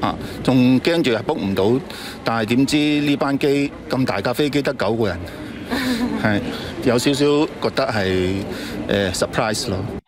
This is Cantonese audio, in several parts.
啊，仲驚住 book 唔到，但係點知呢班機咁大架飛機得九個人，係有少少覺得係誒 surprise 咯。呃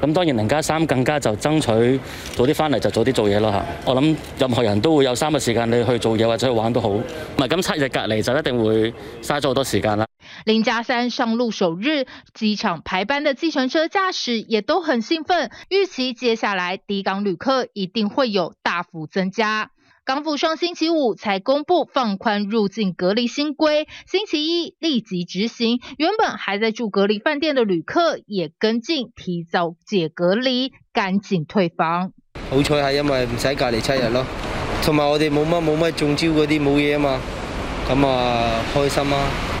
咁當然零加三更加就爭取早啲翻嚟，就早啲做嘢啦吓，我諗任何人都會有三個時間，你去做嘢或者去玩都好，唔係咁七日隔離就一定會嘥咗好多時間啦。零加三上路首日，機場排班嘅計程車駕駛也都很興奮，預期接下來抵港旅客一定會有大幅增加。港府上星期五才公布放寬入境隔離新規，星期一立即執行。原本還在住隔離飯店的旅客也跟進，提早解隔離，趕緊退房。好彩係因為唔使隔離七日咯，同、嗯、埋我哋冇乜冇乜中招嗰啲冇嘢啊嘛，咁啊開心啊！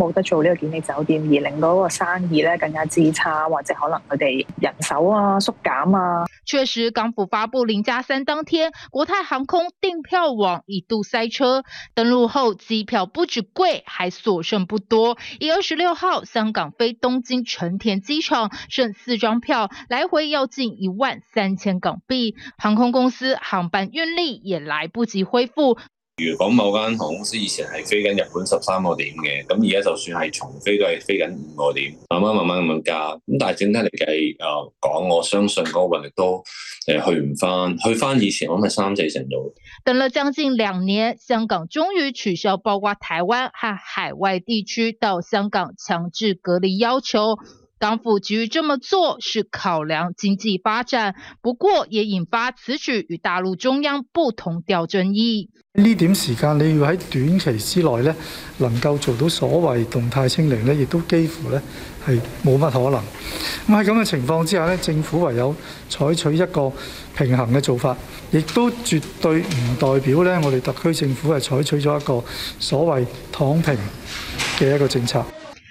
冇得做呢個檢疫酒店，而令到個生意咧更加之差，或者可能佢哋人手啊縮減啊。確實，港府發布零加三當天，國泰航空訂票網一度塞車，登入後機票不止貴，還所剩不多。以二十六號香港飛東京成田機場，剩四張票，來回要近一萬三千港幣。航空公司航班運力也來不及恢復。如果某間航空公司以前係飛緊日本十三個點嘅，咁而家就算係重飛都係飛緊五個點，慢慢慢慢咁加。咁但係整體嚟計，誒，講我相信嗰個運力都誒去唔翻，去翻以前我咪三四成度。等咗將近兩年，香港終於取消包括台灣和海外地區到香港強制隔離要求。港府急於這麼做是考量經濟發展，不過也引發此舉與大陸中央不同調爭議。呢點時間你要喺短期之內咧，能夠做到所謂動態清零咧，亦都幾乎咧係冇乜可能。咁喺咁嘅情況之下咧，政府唯有採取一個平衡嘅做法，亦都絕對唔代表咧我哋特區政府係採取咗一個所謂躺平嘅一個政策。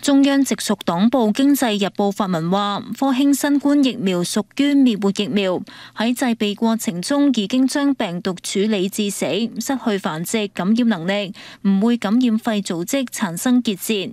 中央直屬黨部《經濟日報》發文話：科興新冠疫苗屬於滅活疫苗，喺製備過程中已經將病毒處理致死，失去繁殖感染能力，唔會感染肺組織，產生結節。